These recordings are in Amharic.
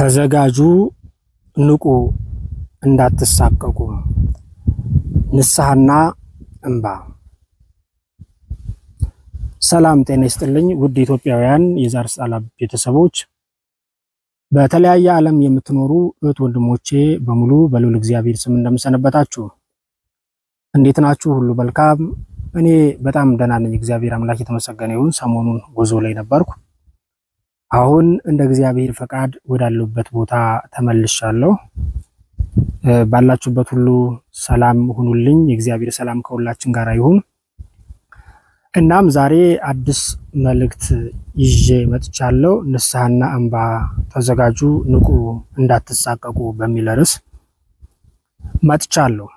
ተዘጋጁ፣ ንቁ፣ እንዳትሳቀቁ። ንስሐና እንባ። ሰላም ጤና ይስጥልኝ ውድ ኢትዮጵያውያን የዛር ሳላም ቤተሰቦች በተለያየ ዓለም የምትኖሩ እህት ወንድሞቼ በሙሉ በልዑል እግዚአብሔር ስም እንደምሰነበታችሁ፣ እንዴት ናችሁ? ሁሉ መልካም? እኔ በጣም ደህና ነኝ፣ እግዚአብሔር አምላክ የተመሰገነ ይሁን። ሰሞኑን ጉዞ ላይ ነበርኩ። አሁን እንደ እግዚአብሔር ፈቃድ ወዳለበት ቦታ ተመልሻለሁ። ባላችሁበት ሁሉ ሰላም ሁኑልኝ። የእግዚአብሔር ሰላም ከሁላችን ጋር ይሁን። እናም ዛሬ አዲስ መልእክት ይዤ መጥቻለሁ። ንስሐና እንባ ተዘጋጁ፣ ንቁ፣ እንዳትሳቀቁ በሚል ርዕስ መጥቻለሁ።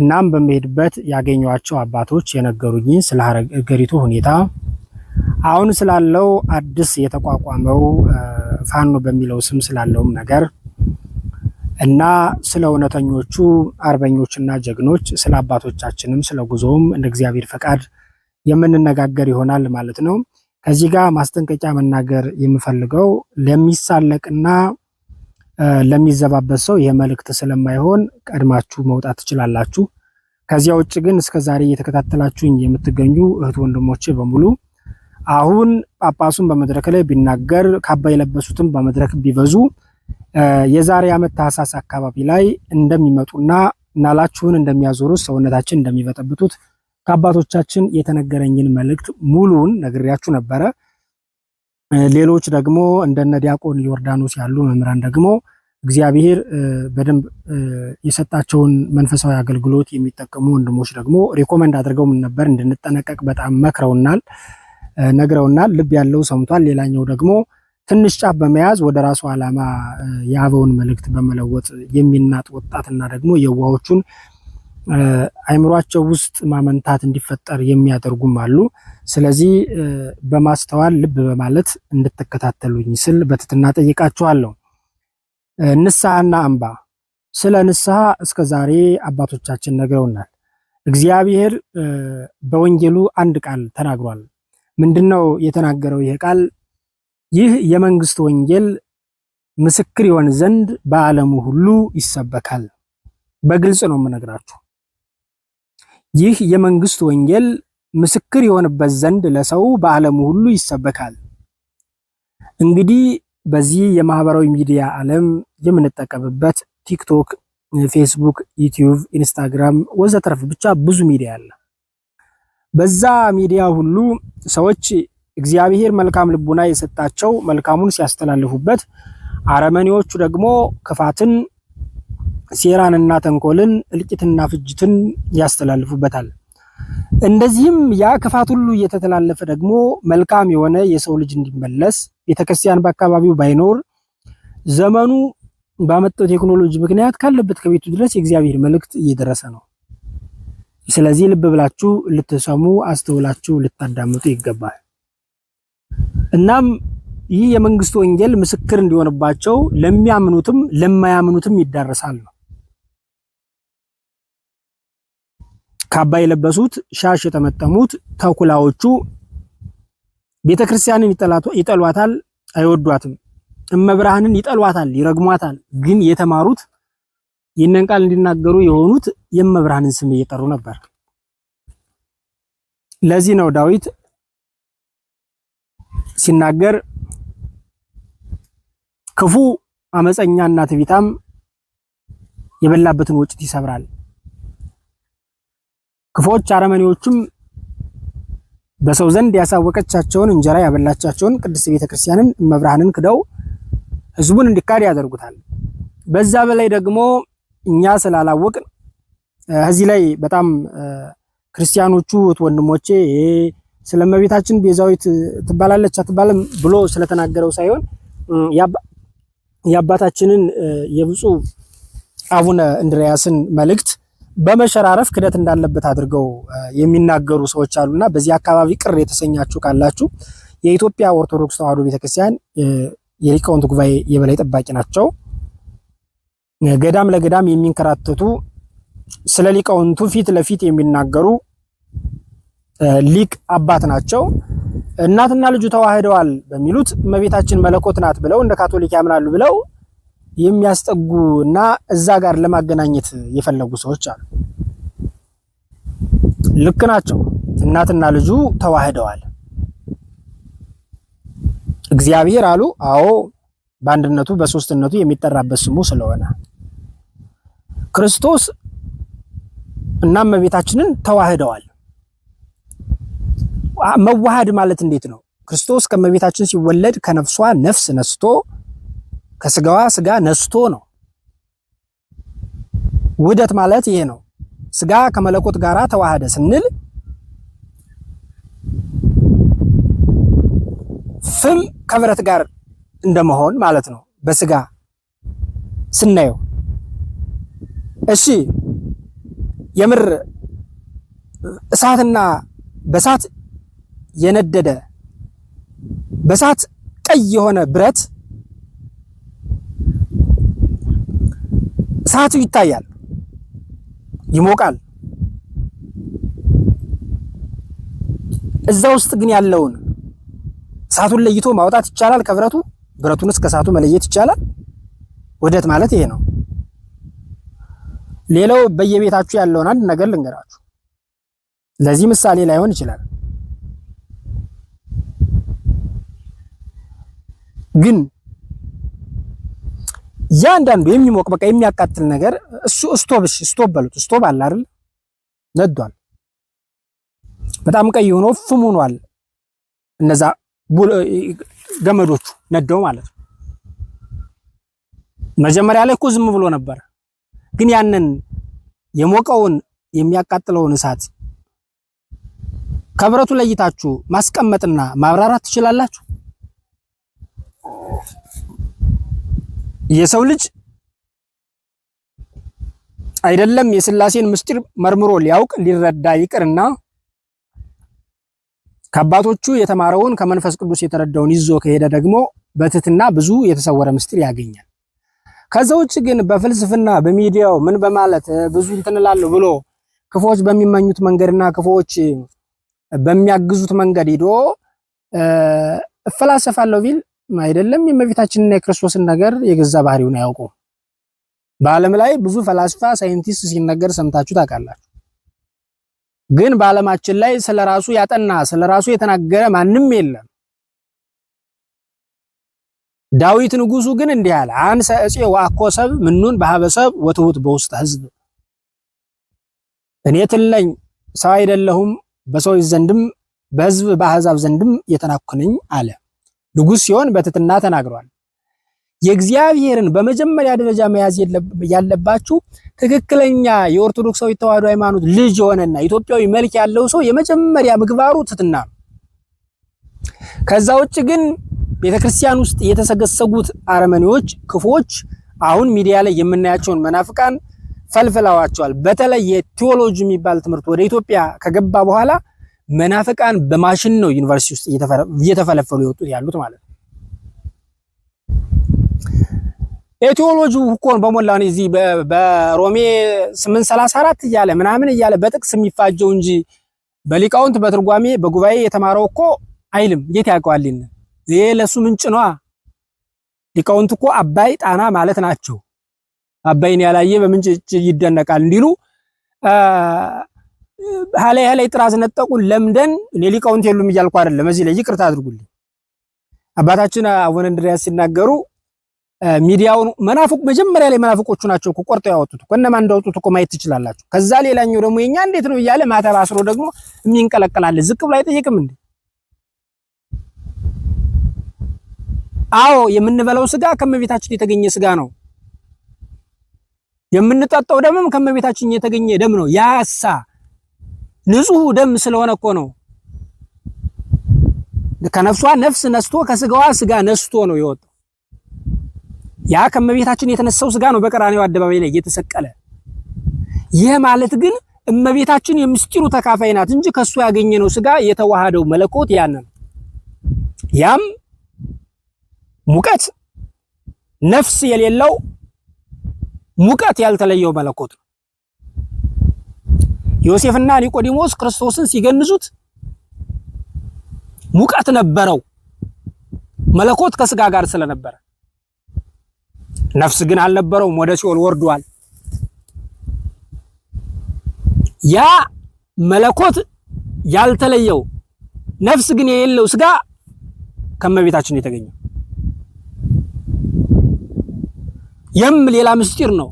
እናም በመሄድበት ያገኘኋቸው አባቶች የነገሩኝ ስለ ሀገሪቱ ሁኔታ አሁን ስላለው አዲስ የተቋቋመው ፋኖ በሚለው ስም ስላለውም ነገር እና ስለ እውነተኞቹ አርበኞችና ጀግኖች ስለ አባቶቻችንም ስለ ጉዞውም እንደ እግዚአብሔር ፈቃድ የምንነጋገር ይሆናል ማለት ነው። ከዚህ ጋር ማስጠንቀቂያ መናገር የምፈልገው ለሚሳለቅና ለሚዘባበት ሰው ይሄ መልእክት ስለማይሆን ቀድማችሁ መውጣት ትችላላችሁ። ከዚያ ውጭ ግን እስከዛሬ እየተከታተላችሁኝ የምትገኙ እህት ወንድሞቼ በሙሉ አሁን ጳጳሱን በመድረክ ላይ ቢናገር ካባ የለበሱትን በመድረክ ቢበዙ የዛሬ ዓመት ታህሳስ አካባቢ ላይ እንደሚመጡና ናላችሁን እንደሚያዞሩት ሰውነታችን እንደሚበጠብጡት ከአባቶቻችን የተነገረኝን መልእክት ሙሉውን ነግሬያችሁ ነበረ። ሌሎች ደግሞ እንደነ ዲያቆን ዮርዳኖስ ያሉ መምህራን ደግሞ እግዚአብሔር በደንብ የሰጣቸውን መንፈሳዊ አገልግሎት የሚጠቀሙ ወንድሞች ደግሞ ሪኮመንድ አድርገው ነበር እንድንጠነቀቅ በጣም መክረውናል። ነግረውናል። ልብ ያለው ሰምቷል። ሌላኛው ደግሞ ትንሽ ጫፍ በመያዝ ወደ ራሱ ዓላማ የአበውን መልእክት በመለወጥ የሚናጥ ወጣትና ደግሞ የዋዎቹን አይምሯቸው ውስጥ ማመንታት እንዲፈጠር የሚያደርጉም አሉ። ስለዚህ በማስተዋል ልብ በማለት እንድትከታተሉኝ ስል በትትና ጠይቃችኋለሁ። ንስሐና አምባ። ስለ ንስሐ እስከ ዛሬ አባቶቻችን ነግረውናል። እግዚአብሔር በወንጌሉ አንድ ቃል ተናግሯል። ምንድነው የተናገረው? ይህ ቃል ይህ የመንግስት ወንጌል ምስክር ይሆን ዘንድ በዓለሙ ሁሉ ይሰበካል። በግልጽ ነው የምነግራችሁ። ይህ የመንግስት ወንጌል ምስክር ይሆንበት ዘንድ ለሰው በዓለሙ ሁሉ ይሰበካል። እንግዲህ በዚህ የማህበራዊ ሚዲያ ዓለም የምንጠቀምበት ቲክቶክ፣ ፌስቡክ፣ ዩቲዩብ፣ ኢንስታግራም ወዘተረፍ ብቻ ብዙ ሚዲያ አለ። በዛ ሚዲያ ሁሉ ሰዎች እግዚአብሔር መልካም ልቡና የሰጣቸው መልካሙን ሲያስተላልፉበት፣ አረመኔዎቹ ደግሞ ክፋትን፣ ሴራንና ተንኮልን፣ እልቂትና ፍጅትን ያስተላልፉበታል። እንደዚህም ያ ክፋት ሁሉ እየተተላለፈ ደግሞ መልካም የሆነ የሰው ልጅ እንዲመለስ ቤተክርስቲያን በአካባቢው ባይኖር ዘመኑ ባመጣው ቴክኖሎጂ ምክንያት ካለበት ከቤቱ ድረስ የእግዚአብሔር መልእክት እየደረሰ ነው። ስለዚህ ልብ ብላችሁ ልትሰሙ አስተውላችሁ ልታዳምጡ ይገባል። እናም ይህ የመንግስት ወንጌል ምስክር እንዲሆንባቸው ለሚያምኑትም ለማያምኑትም ይዳረሳል ነው። ካባ የለበሱት ሻሽ የተመጠሙት ተኩላዎቹ ቤተክርስቲያንን ይጠሏታል፣ አይወዷትም። እመብርሃንን ይጠሏታል፣ ይረግሟታል። ግን የተማሩት ይህንን ቃል እንዲናገሩ የሆኑት የእመብርሃንን ስም እየጠሩ ነበር። ለዚህ ነው ዳዊት ሲናገር ክፉ አመፀኛና ትቢታም የበላበትን ወጭት ይሰብራል፣ ክፎች አረመኔዎቹም በሰው ዘንድ ያሳወቀቻቸውን እንጀራ ያበላቻቸውን ቅድስት ቤተክርስቲያንን እመብርሃንን ክደው ህዝቡን እንዲካድ ያደርጉታል። በዛ በላይ ደግሞ እኛ ስላላወቅን እዚህ ላይ በጣም ክርስቲያኖቹ ወንድሞቼ ይሄ ስለ እመቤታችን ቤዛዊት ትባላለች አትባልም ብሎ ስለተናገረው ሳይሆን የአባታችንን የብፁዕ አቡነ እንድርያስን መልእክት በመሸራረፍ ክደት እንዳለበት አድርገው የሚናገሩ ሰዎች አሉና በዚህ አካባቢ ቅር የተሰኛችሁ ካላችሁ የኢትዮጵያ ኦርቶዶክስ ተዋሕዶ ቤተክርስቲያን የሊቃውንት ጉባኤ የበላይ ጠባቂ ናቸው። ገዳም ለገዳም የሚንከራተቱ ስለ ሊቃውንቱ ፊት ለፊት የሚናገሩ ሊቅ አባት ናቸው። እናትና ልጁ ተዋህደዋል በሚሉት እመቤታችን መለኮት ናት ብለው እንደ ካቶሊክ ያምናሉ ብለው የሚያስጠጉ እና እዛ ጋር ለማገናኘት የፈለጉ ሰዎች አሉ። ልክ ናቸው። እናትና ልጁ ተዋህደዋል እግዚአብሔር አሉ። አዎ በአንድነቱ በሶስትነቱ የሚጠራበት ስሙ ስለሆነ ክርስቶስ እና እመቤታችንን ተዋህደዋል። መዋሃድ ማለት እንዴት ነው? ክርስቶስ ከእመቤታችን ሲወለድ ከነፍሷ ነፍስ ነስቶ ከስጋዋ ስጋ ነስቶ ነው። ውህደት ማለት ይሄ ነው። ስጋ ከመለኮት ጋራ ተዋሃደ ስንል ፍም ከብረት ጋር እንደመሆን ማለት ነው በስጋ ስናየው። እሺ የምር እሳትና በእሳት የነደደ በእሳት ቀይ የሆነ ብረት እሳቱ ይታያል፣ ይሞቃል። እዛ ውስጥ ግን ያለውን እሳቱን ለይቶ ማውጣት ይቻላል ከብረቱ? ብረቱን እስከ እሳቱ መለየት ይቻላል። ውህደት ማለት ይሄ ነው። ሌላው በየቤታችሁ ያለውን አንድ ነገር ልንገራችሁ። ለዚህ ምሳሌ ላይሆን ይችላል፣ ግን ያንዳንዱ የሚሞቅ በቃ የሚያቃጥል ነገር እሱ ስቶብ፣ እሺ ስቶብ በሉት። ስቶብ አለ አይደል? ነዷል፣ በጣም ቀይ ሆኖ ፍም ሆኗል። እነዛ ገመዶቹ ነዶ ማለት ነው። መጀመሪያ ላይ እኮ ዝም ብሎ ነበር፣ ግን ያንን የሞቀውን የሚያቃጥለውን እሳት ከብረቱ ለይታችሁ ማስቀመጥና ማብራራት ትችላላችሁ። የሰው ልጅ አይደለም የስላሴን ምስጢር መርምሮ ሊያውቅ ሊረዳ ይቅርና ከአባቶቹ የተማረውን ከመንፈስ ቅዱስ የተረዳውን ይዞ ከሄደ ደግሞ በትትና ብዙ የተሰወረ ምስጢር ያገኛል። ከዛ ውጭ ግን በፍልስፍና በሚዲያው ምን በማለት ብዙ እንትንላለሁ ብሎ ክፎች በሚመኙት መንገድና ክፎች በሚያግዙት መንገድ ሂዶ እፈላሰፋለሁ ቢል አይደለም የእመቤታችንና የክርስቶስን ነገር የገዛ ባህሪውን አያውቁም። በዓለም ላይ ብዙ ፈላስፋ ሳይንቲስት ሲነገር ሰምታችሁ ታውቃላችሁ። ግን በዓለማችን ላይ ስለራሱ ያጠና ስለራሱ የተናገረ ማንም የለም። ዳዊት ንጉሱ ግን እንዲህ አለ፣ አንሰ እፄ ወአኮ ሰብ ምኑን በሀበሰብ ወትሁት በውስጥ ህዝብ። እኔ ትለኝ ሰው አይደለሁም፣ በሰው ዘንድም በህዝብ በአህዛብ ዘንድም የተናኩ አለ። ንጉስ ሲሆን በትትና ተናግሯል። የእግዚአብሔርን በመጀመሪያ ደረጃ መያዝ ያለባችሁ ትክክለኛ የኦርቶዶክሳዊ ተዋህዶ ሃይማኖት ልጅ የሆነና ኢትዮጵያዊ መልክ ያለው ሰው የመጀመሪያ ምግባሩ ትትና ነው። ከዛ ውጭ ግን ቤተክርስቲያን ውስጥ የተሰገሰጉት አረመኔዎች፣ ክፎች አሁን ሚዲያ ላይ የምናያቸውን መናፍቃን ፈልፍለዋቸዋል። በተለይ የቴዎሎጂ የሚባል ትምህርት ወደ ኢትዮጵያ ከገባ በኋላ መናፍቃን በማሽን ነው ዩኒቨርሲቲ ውስጥ እየተፈለፈሉ የወጡት ያሉት ማለት ነው። ኤቲዮሎጂ እኮን በሞላ ነው እዚህ በሮሜ 834 እያለ ምናምን እያለ በጥቅስ የሚፋጀው እንጂ በሊቃውንት በትርጓሜ በጉባኤ የተማረው እኮ አይልም። ጌታ ያውቀዋልን። ይሄ ለሱ ምንጭ ነዋ። ሊቃውንት እኮ አባይ ጣና ማለት ናቸው። አባይን ያላየ በምንጭ ይደነቃል እንዲሉ ሀላይ ሀላይ ጥራዝ ነጠቁን ለምደን ሊቃውንት የሉም እያልኩ አይደለም። እዚህ ላይ ይቅርታ አድርጉልኝ። አባታችን አቡነ እንድርያስ ሲናገሩ ሚዲያውን መናፍቅ መጀመሪያ ላይ መናፍቆቹ ናቸው እኮ ቆርጠው ያወጡት እኮ እነማን እንዳወጡት እኮ ማየት ትችላላችሁ። ከዛ ሌላኛው ደግሞ የኛ እንዴት ነው እያለ ማተብ አስሮ ደግሞ የሚንቀለቀላለ ዝቅ ብሎ አይጠይቅም እንዴ? አዎ የምንበላው ስጋ ከመቤታችን የተገኘ ስጋ ነው። የምንጠጣው ደምም ከመቤታችን የተገኘ ደም ነው። ያሳ ንጹህ ደም ስለሆነ እኮ ነው። ከነፍሷ ነፍስ ነስቶ ከስጋዋ ስጋ ነስቶ ነው የወጣው። ያ ከእመቤታችን የተነሳው ስጋ ነው በቀራኔው አደባባይ ላይ የተሰቀለ። ይህ ማለት ግን እመቤታችን የምስጢሩ ተካፋይ ናት እንጂ ከሱ ያገኘነው ስጋ የተዋሃደው መለኮት ያን ያም ሙቀት ነፍስ የሌለው ሙቀት ያልተለየው መለኮት ነው። ዮሴፍና ኒቆዲሞስ ክርስቶስን ሲገንዙት ሙቀት ነበረው፣ መለኮት ከስጋ ጋር ስለነበረ ነፍስ ግን አልነበረውም፣ ወደ ሲኦል ወርዷል። ያ መለኮት ያልተለየው ነፍስ ግን የሌለው ስጋ ከመቤታችን የተገኘው ይህም ሌላ ምስጢር ነው።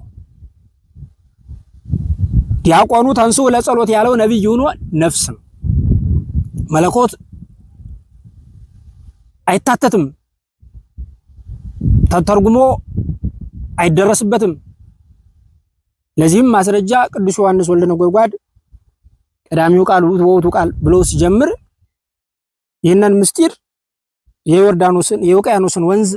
ዲያቆኑ ተንሥኡ ለጸሎት ያለው ነቢይ ሆኖ ነፍስ ነው። መለኮት አይታተትም ተተርጉሞ አይደረስበትም። ለዚህም ማስረጃ ቅዱስ ዮሐንስ ወልደ ነጎድጓድ ቀዳሚው ቃል ውእቱ ቃል ብሎ ሲጀምር ይህንን ምስጢር የዮርዳኖስን የውቅያኖስን ወንዝ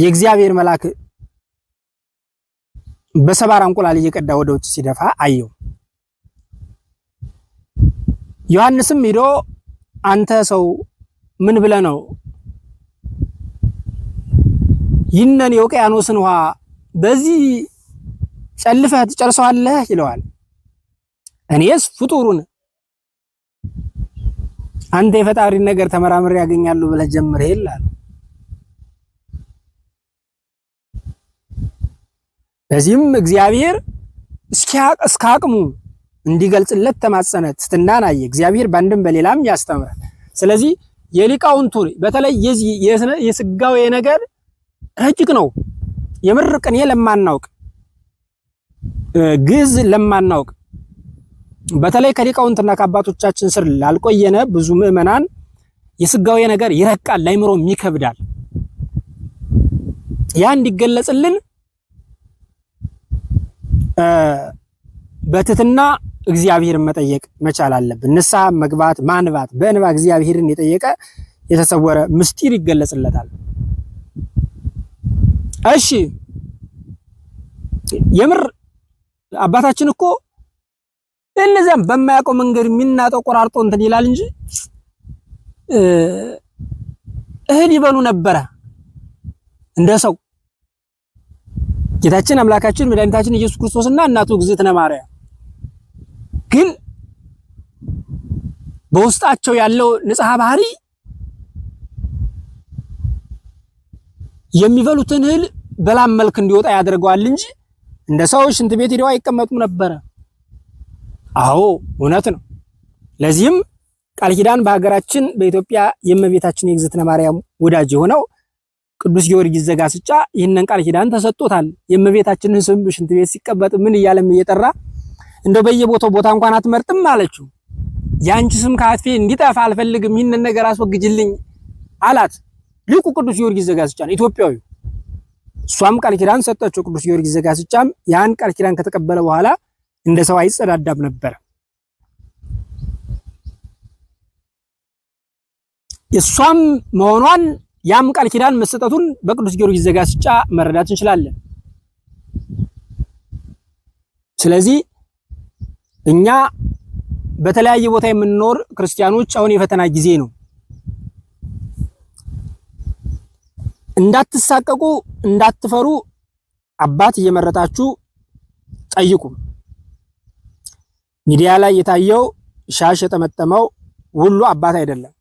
የእግዚአብሔር መልአክ በሰባራ እንቁላል እየቀዳ ወደ ውጭ ሲደፋ አየው። ዮሐንስም ሂዶ አንተ ሰው ምን ብለህ ነው ይህንን የውቅያኖስን ውሃ በዚህ ጨልፈህ ትጨርሰዋለህ ይለዋል። እኔስ ፍጡሩን አንተ የፈጣሪን ነገር ተመራምሬ ያገኛሉ ብለህ ጀምር ይላል። በዚህም እግዚአብሔር እስከ አቅሙ እንዲገልጽለት ተማጸነ። ትትናን አየ። እግዚአብሔር በአንድም በሌላም ያስተምራል። ስለዚህ የሊቃውንቱ በተለይ የዚህ የስጋዌ ነገር እጅግ ነው። የምር ቅኔ ለማናውቅ ግዝ ለማናውቅ በተለይ ከሊቃውንትና ከአባቶቻችን ስር ላልቆየነ ብዙ ምዕመናን የስጋዊ ነገር ይረቃል፣ ላይምሮም ይከብዳል። ያ እንዲገለጽልን በትትና እግዚአብሔርን መጠየቅ መቻል አለብን። ንስሐ መግባት ማንባት፣ በእንባ እግዚአብሔርን የጠየቀ የተሰወረ ምስጢር ይገለጽለታል። እሺ የምር አባታችን እኮ እነዚያም በማያውቀው መንገድ የሚናጠው ቆራርጦ እንትን ይላል እንጂ እህል ይበሉ ነበረ እንደ ሰው። ጌታችን አምላካችን መድኃኒታችን ኢየሱስ ክርስቶስና እናቱ እግዝእትነ ማርያም ግን በውስጣቸው ያለው ንጽሐ ባህሪ የሚበሉትን እህል በላም መልክ እንዲወጣ ያደርገዋል እንጂ እንደ ሰው ሽንት ቤት ሄደው አይቀመጡም ነበረ። አዎ እውነት ነው። ለዚህም ቃል ኪዳን በሀገራችን በኢትዮጵያ የእመቤታችን የእግዝእትነ ማርያም ወዳጅ የሆነው ቅዱስ ጊዮርጊስ ዘጋስጫ ይህንን ቃል ኪዳን ተሰጥቶታል። የእመቤታችንን ስም ሽንት ቤት ሲቀመጥ ምን እያለም እየጠራ እንደው በየቦታው ቦታ እንኳን አትመርጥም አለችው። የአንቺ ስም ከአፌ እንዲጠፋ አልፈልግም፣ ይህንን ነገር አስወግጅልኝ አላት። ልኩ ቅዱስ ጊዮርጊስ ዘጋስጫ ኢትዮጵያዊ። እሷም ቃል ኪዳን ሰጠችው። ቅዱስ ጊዮርጊስ ዘጋስጫም ያን ቃል ኪዳን ከተቀበለ በኋላ እንደ ሰው አይጸዳዳም ነበር። እሷም መሆኗን ያም ቃል ኪዳን መሰጠቱን በቅዱስ ጊዮርጊስ ዘጋስጫ መረዳት እንችላለን። ስለዚህ እኛ በተለያየ ቦታ የምንኖር ክርስቲያኖች አሁን የፈተና ጊዜ ነው። እንዳትሳቀቁ፣ እንዳትፈሩ አባት እየመረጣችሁ ጠይቁ። ሚዲያ ላይ የታየው ሻሽ የጠመጠመው ሁሉ አባት አይደለም።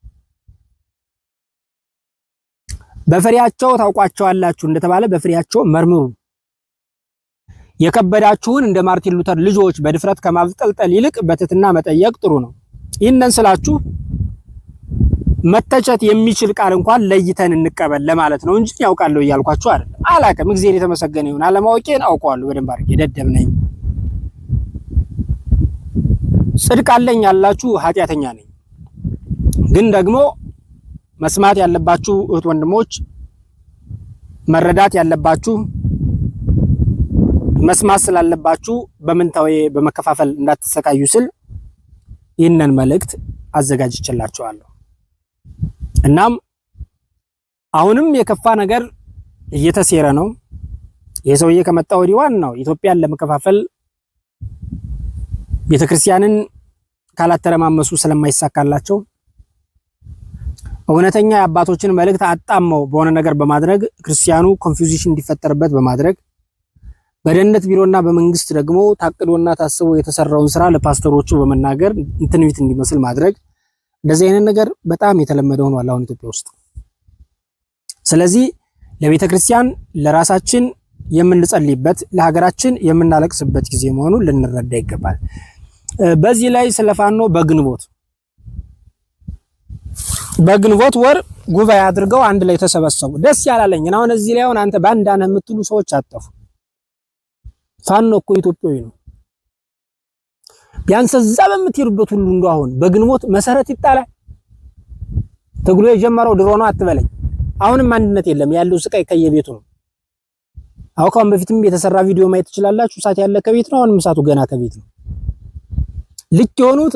በፍሬያቸው ታውቋቸዋላችሁ እንደተባለ በፍሬያቸው መርምሩ። የከበዳችሁን እንደ ማርቲን ሉተር ልጆች በድፍረት ከማብጠልጠል ይልቅ በትህትና መጠየቅ ጥሩ ነው። ይህንን ስላችሁ መተቸት የሚችል ቃል እንኳን ለይተን እንቀበል ለማለት ነው እንጂ ያውቃለሁ እያልኳችሁ አይደለም። አላቅም፣ እግዚአብሔር የተመሰገነ ይሁን። አለማወቄን አውቀዋለሁ በደንብ አድርጌ። ደደብ ነኝ። ጽድቅ አለኝ ያላችሁ ኃጢአተኛ ነኝ። ግን ደግሞ መስማት ያለባችሁ እህት ወንድሞች፣ መረዳት ያለባችሁ መስማት ስላለባችሁ በምንታዊ በመከፋፈል እንዳትሰቃዩ ስል ይህንን መልእክት አዘጋጅችላችኋለሁ። እናም አሁንም የከፋ ነገር እየተሴረ ነው። ይህ ሰውዬ ከመጣ ወዲህ ዋናው ኢትዮጵያን ለመከፋፈል ቤተክርስቲያንን ካላተረማመሱ ስለማይሳካላቸው እውነተኛ የአባቶችን መልእክት አጣመው በሆነ ነገር በማድረግ ክርስቲያኑ ኮንፊውዥን እንዲፈጠርበት በማድረግ በደህንነት ቢሮና በመንግስት ደግሞ ታቅዶና ታስቦ የተሰራውን ስራ ለፓስተሮቹ በመናገር ትንቢት እንዲመስል ማድረግ እንደዚህ አይነት ነገር በጣም የተለመደ ሆኗል አሁን ኢትዮጵያ ውስጥ። ስለዚህ ለቤተ ክርስቲያን ለራሳችን የምንጸልይበት ለሀገራችን የምናለቅስበት ጊዜ መሆኑን ልንረዳ ይገባል። በዚህ ላይ ስለ ፋኖ በግንቦት በግንቦት ወር ጉባኤ አድርገው አንድ ላይ ተሰበሰቡ። ደስ ያላለኝ አሁን እዚህ ላይ አሁን አንተ ባንዳ ነህ የምትሉ ሰዎች አጠፉ። ፋኖ እኮ ኢትዮጵያዊ ነው። ቢያንስ እዛ በምትሄዱበት ሁሉ እንደው አሁን በግንቦት መሰረት ይጣላል። ትግሉ የጀመረው ድሮ ነው አትበለኝ። አሁንም አንድነት የለም ያለው ስቃይ ከየቤቱ ነው። አሁን ከአሁን በፊትም የተሰራ ቪዲዮ ማየት ትችላላችሁ። እሳት ያለ ከቤት ነው። አሁንም እሳቱ ገና ከቤት ነው። ልክ የሆኑት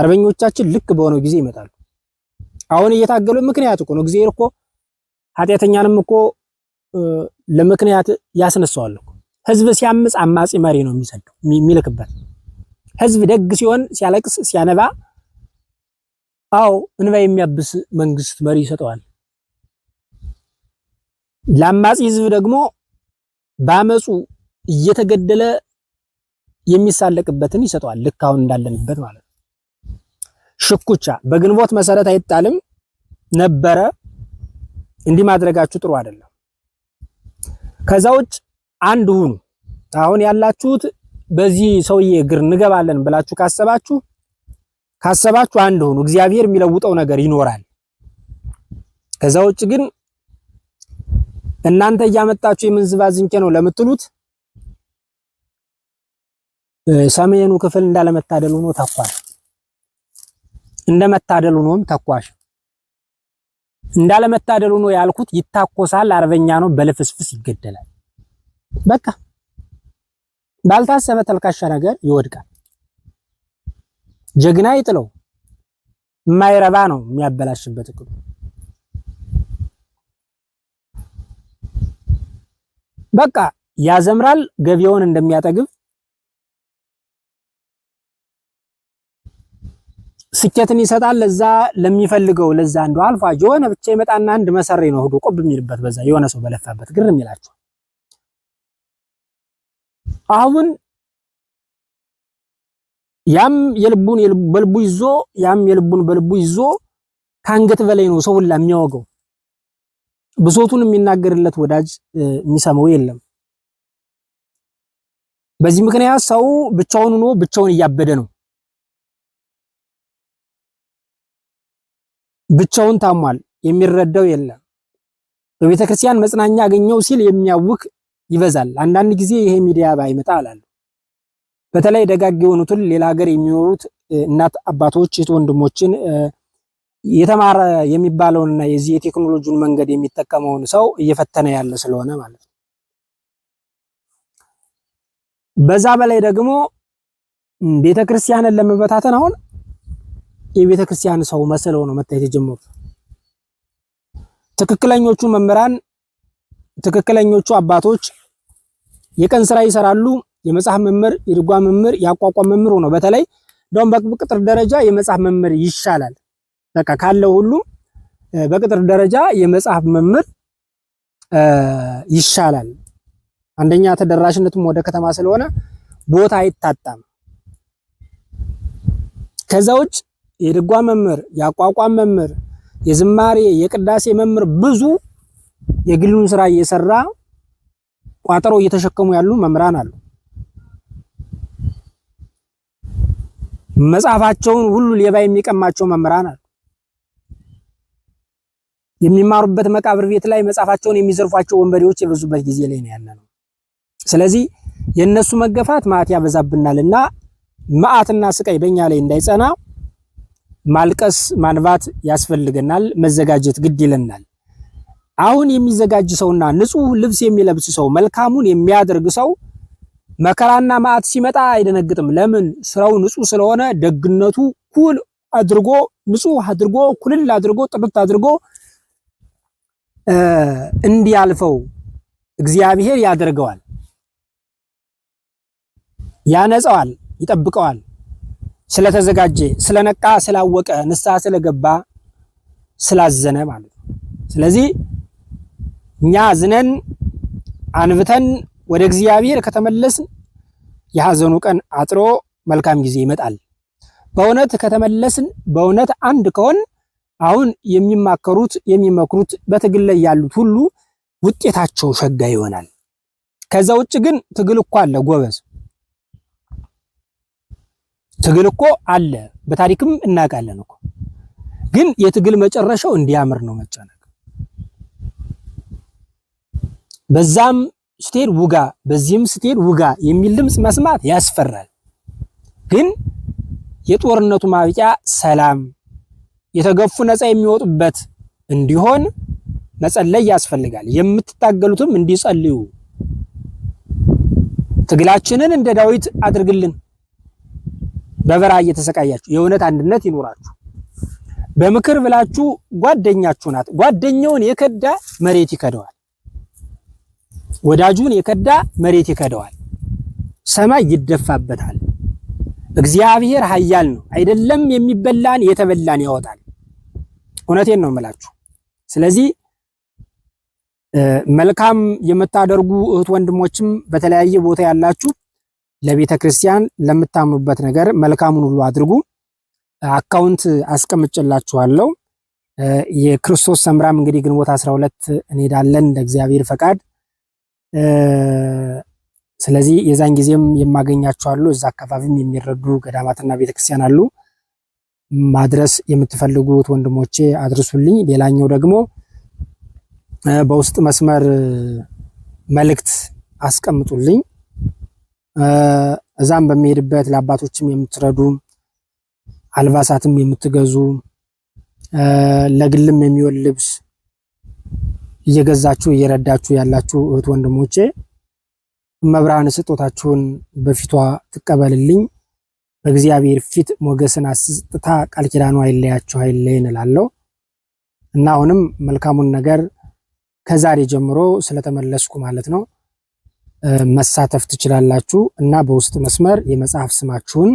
አርበኞቻችን ልክ በሆነው ጊዜ ይመጣሉ። አሁን እየታገሉ ምክንያት እኮ ነው። እግዚአብሔር እኮ ኃጢአተኛንም እኮ ለምክንያት ያስነሳዋል እኮ። ህዝብ ሲያምጽ አማጺ መሪ ነው የሚሰደው የሚልክበት ህዝብ ደግ ሲሆን ሲያለቅስ ሲያነባ፣ አዎ እንባ የሚያብስ መንግስት መሪ ይሰጠዋል። ለአማጺ ህዝብ ደግሞ በአመፁ እየተገደለ የሚሳለቅበትን ይሰጠዋል። ልክ አሁን እንዳለንበት ማለት ነው። ሽኩቻ በግንቦት መሰረት አይጣልም ነበረ። እንዲህ ማድረጋችሁ ጥሩ አይደለም። ከዛ ውጭ አንድ ሁኑ። አሁን ያላችሁት በዚህ ሰውዬ እግር እንገባለን ብላችሁ ካሰባችሁ ካሰባችሁ አንድ ሆኑ። እግዚአብሔር የሚለውጠው ነገር ይኖራል። ከዛ ውጭ ግን እናንተ እያመጣችሁ የምንዝባዝንኬ ነው ለምትሉት ሰሜኑ ክፍል እንዳለመታደል ሆኖ ተኳሽ፣ እንደመታደል ሆኖም ተኳሽ። እንዳለመታደል ሆኖ ያልኩት ይታኮሳል፣ አርበኛ ነው፣ በልፍስፍስ ይገደላል። በቃ ባልታሰበ ተልካሻ ነገር ይወድቃል። ጀግና ይጥለው የማይረባ ነው የሚያበላሽበት እቅዱ። በቃ ያዘምራል ገቢውን እንደሚያጠግብ ስኬትን ይሰጣል ለዛ ለሚፈልገው ለዛ እንደው አልፏ የሆነ ብቻ ይመጣና አንድ መሰሪ ነው ሁዱ ቆብ የሚልበት በዛ የሆነ ሰው በለፋበት ግር የሚላቸው አሁን ያም የልቡን በልቡ ይዞ ያም የልቡን በልቡ ይዞ ከአንገት በላይ ነው ሰው ሁላ የሚያወገው። ብሶቱን የሚናገርለት ወዳጅ የሚሰማው የለም። በዚህ ምክንያት ሰው ብቻውን ሆኖ ብቻውን እያበደ ነው። ብቻውን ታሟል፣ የሚረዳው የለም። በቤተክርስቲያን መጽናኛ አገኘው ሲል የሚያውክ ይበዛል። አንዳንድ ጊዜ ይሄ ሚዲያ ባይመጣ አላለሁ። በተለይ ደጋግ የሆኑትን ሌላ ሀገር የሚኖሩት እናት አባቶች፣ እህት ወንድሞችን የተማረ የሚባለውንና የዚህ የቴክኖሎጂውን መንገድ የሚጠቀመውን ሰው እየፈተነ ያለ ስለሆነ ማለት ነው። በዛ በላይ ደግሞ ቤተክርስቲያንን ለመበታተን አሁን የቤተክርስቲያን ሰው መስለው ነው መታየት የጀመሩት። ትክክለኞቹ መምህራን ትክክለኞቹ አባቶች የቀን ስራ ይሰራሉ። የመጽሐፍ መምህር፣ የድጓ መምህር፣ የአቋቋም መምህር ነው። በተለይ እንደውም በቅጥር ደረጃ የመጽሐፍ መምህር ይሻላል። በቃ ካለው ሁሉም በቅጥር ደረጃ የመጽሐፍ መምህር ይሻላል። አንደኛ ተደራሽነቱም ወደ ከተማ ስለሆነ ቦታ አይታጣም። ከዛ ውጭ የድጓ መምህር፣ የአቋቋም መምህር፣ የዝማሬ የቅዳሴ መምህር ብዙ የግሉን ስራ እየሰራ ቋጠሮ እየተሸከሙ ያሉ መምህራን አሉ። መጽሐፋቸውን ሁሉ ሌባ የሚቀማቸው መምህራን አሉ። የሚማሩበት መቃብር ቤት ላይ መጽሐፋቸውን የሚዘርፏቸው ወንበዴዎች የበዙበት ጊዜ ላይ ነው ያለ ነው። ስለዚህ የእነሱ መገፋት መዓት ያበዛብናል እና መዓትና ስቃይ በእኛ ላይ እንዳይጸና ማልቀስ ማንባት ያስፈልገናል። መዘጋጀት ግድ ይለናል። አሁን የሚዘጋጅ ሰውና ንጹህ ልብስ የሚለብስ ሰው መልካሙን የሚያደርግ ሰው መከራና ማዕት ሲመጣ አይደነግጥም። ለምን? ስራው ንጹህ ስለሆነ ደግነቱ ኩል አድርጎ ንጹህ አድርጎ ኩልል አድርጎ ጥርት አድርጎ እንዲያልፈው እግዚአብሔር ያደርገዋል፣ ያነጸዋል፣ ይጠብቀዋል። ስለተዘጋጀ፣ ስለነቃ፣ ስላወቀ፣ ንስሐ ስለገባ፣ ስላዘነ ማለት ነው። ስለዚህ እኛ አዝነን አንብተን ወደ እግዚአብሔር ከተመለስን የሐዘኑ ቀን አጥሮ መልካም ጊዜ ይመጣል። በእውነት ከተመለስን በእውነት አንድ ከሆን አሁን የሚማከሩት የሚመክሩት በትግል ላይ ያሉት ሁሉ ውጤታቸው ሸጋ ይሆናል። ከዛ ውጭ ግን ትግል እኮ አለ ጎበዝ፣ ትግል እኮ አለ። በታሪክም እናውቃለን እኮ ግን የትግል መጨረሻው እንዲያምር ነው መጨነቅ በዛም ስትሄድ ውጋ፣ በዚህም ስትሄድ ውጋ የሚል ድምፅ መስማት ያስፈራል። ግን የጦርነቱ ማብቂያ ሰላም፣ የተገፉ ነፃ የሚወጡበት እንዲሆን መጸለይ ያስፈልጋል። የምትታገሉትም እንዲጸልዩ ትግላችንን እንደ ዳዊት አድርግልን። በበረሃ እየተሰቃያችሁ የእውነት አንድነት ይኖራችሁ። በምክር ብላችሁ ጓደኛችሁ ናት። ጓደኛውን የከዳ መሬት ይከደዋል። ወዳጁን የከዳ መሬት ይከደዋል፣ ሰማይ ይደፋበታል። እግዚአብሔር ኃያል ነው። አይደለም የሚበላን የተበላን ያወጣል። እውነቴን ነው የምላችሁ። ስለዚህ መልካም የምታደርጉ እህት ወንድሞችም በተለያየ ቦታ ያላችሁ ለቤተ ክርስቲያን ለምታምኑበት ነገር መልካሙን ሁሉ አድርጉ። አካውንት አስቀምጭላችኋለሁ። የክርስቶስ ሰምራም እንግዲህ ግንቦት 12 እንሄዳለን እንደ እግዚአብሔር ፈቃድ። ስለዚህ የዛን ጊዜም የማገኛቸው አሉ። እዛ አካባቢም የሚረዱ ገዳማትና ቤተክርስቲያን አሉ። ማድረስ የምትፈልጉት ወንድሞቼ አድርሱልኝ። ሌላኛው ደግሞ በውስጥ መስመር መልእክት አስቀምጡልኝ። እዛም በሚሄድበት ለአባቶችም የምትረዱ አልባሳትም የምትገዙ ለግልም የሚሆን ልብስ እየገዛችሁ እየረዳችሁ ያላችሁ እህት ወንድሞቼ መብርሃን ስጦታችሁን በፊቷ ትቀበልልኝ፣ በእግዚአብሔር ፊት ሞገስን አስጥታ ቃል ኪዳኑ አይለያችሁ አይለይን እላለሁ እና አሁንም መልካሙን ነገር ከዛሬ ጀምሮ ስለተመለስኩ ማለት ነው መሳተፍ ትችላላችሁ እና በውስጥ መስመር የመጽሐፍ ስማችሁን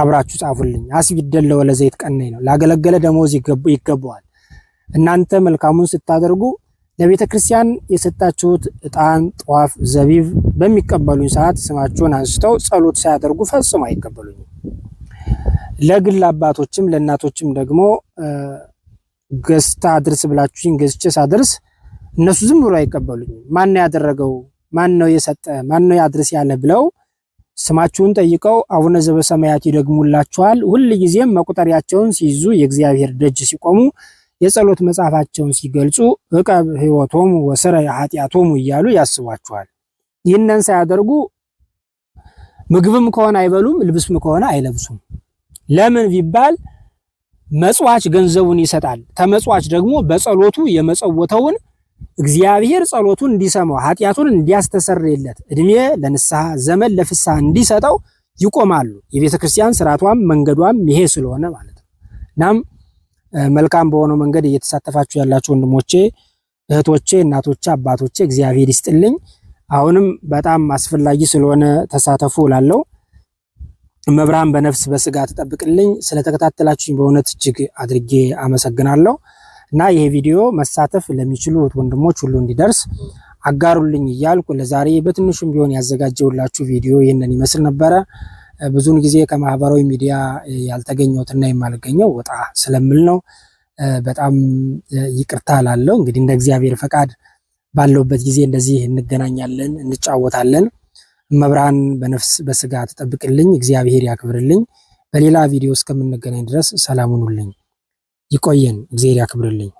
አብራችሁ ጻፉልኝ። አስቢደለ ወለዘይት ቀነኝ ነው ላገለገለ ደሞዝ ይገባዋል። እናንተ መልካሙን ስታደርጉ ለቤተ ክርስቲያን የሰጣችሁት ዕጣን፣ ጧፍ፣ ዘቢብ በሚቀበሉኝ ሰዓት ስማችሁን አንስተው ጸሎት ሳያደርጉ ፈጽሞ አይቀበሉኝም። ለግል አባቶችም ለእናቶችም ደግሞ ገዝታ አድርስ ብላችሁኝ ገዝቼ ሳደርስ እነሱ ዝም ብሎ አይቀበሉኝም። ማን ነው ያደረገው? ማን ነው የሰጠ? ማን ነው ያድርስ ያለ ብለው ስማችሁን ጠይቀው አቡነ ዘበሰማያት ይደግሙላችኋል። ጊዜም መቁጠሪያቸውን ሲይዙ የእግዚአብሔር ደጅ ሲቆሙ የጸሎት መጽሐፋቸውን ሲገልጹ እቀብ ሕይወቶሙ ወስረይ ኃጢአቶሙ እያሉ ያስቧቸዋል። ይህንን ሳያደርጉ ምግብም ከሆነ አይበሉም፣ ልብስም ከሆነ አይለብሱም። ለምን ቢባል መጽዋች ገንዘቡን ይሰጣል። ተመጽዋች ደግሞ በጸሎቱ የመጸወተውን እግዚአብሔር ጸሎቱን እንዲሰማው ኃጢአቱን እንዲያስተሰርይለት እድሜ ለንስሐ ዘመን ለፍስሐ እንዲሰጠው ይቆማሉ። የቤተ ክርስቲያን ስርዓቷም መንገዷም ይሄ ስለሆነ ማለት ነው። እናም መልካም በሆነው መንገድ እየተሳተፋችሁ ያላችሁ ወንድሞቼ፣ እህቶቼ፣ እናቶቼ፣ አባቶቼ እግዚአብሔር ይስጥልኝ። አሁንም በጣም አስፈላጊ ስለሆነ ተሳተፉ እላለሁ። መብርሃን በነፍስ በስጋ ትጠብቅልኝ። ስለተከታተላችሁኝ በእውነት እጅግ አድርጌ አመሰግናለሁ እና ይሄ ቪዲዮ መሳተፍ ለሚችሉ ወንድሞች ሁሉ እንዲደርስ አጋሩልኝ እያልኩ ለዛሬ በትንሹም ቢሆን ያዘጋጀውላችሁ ቪዲዮ ይህንን ይመስል ነበረ። ብዙውን ጊዜ ከማህበራዊ ሚዲያ ያልተገኘሁት እና የማልገኘው ወጣ ስለምል ነው። በጣም ይቅርታ ላለው እንግዲህ እንደ እግዚአብሔር ፈቃድ ባለውበት ጊዜ እንደዚህ እንገናኛለን፣ እንጫወታለን። መብርሃን በነፍስ በስጋ ትጠብቅልኝ፣ እግዚአብሔር ያክብርልኝ። በሌላ ቪዲዮ እስከምንገናኝ ድረስ ሰላም ሁኑልኝ፣ ይቆየን፣ እግዚአብሔር ያክብርልኝ።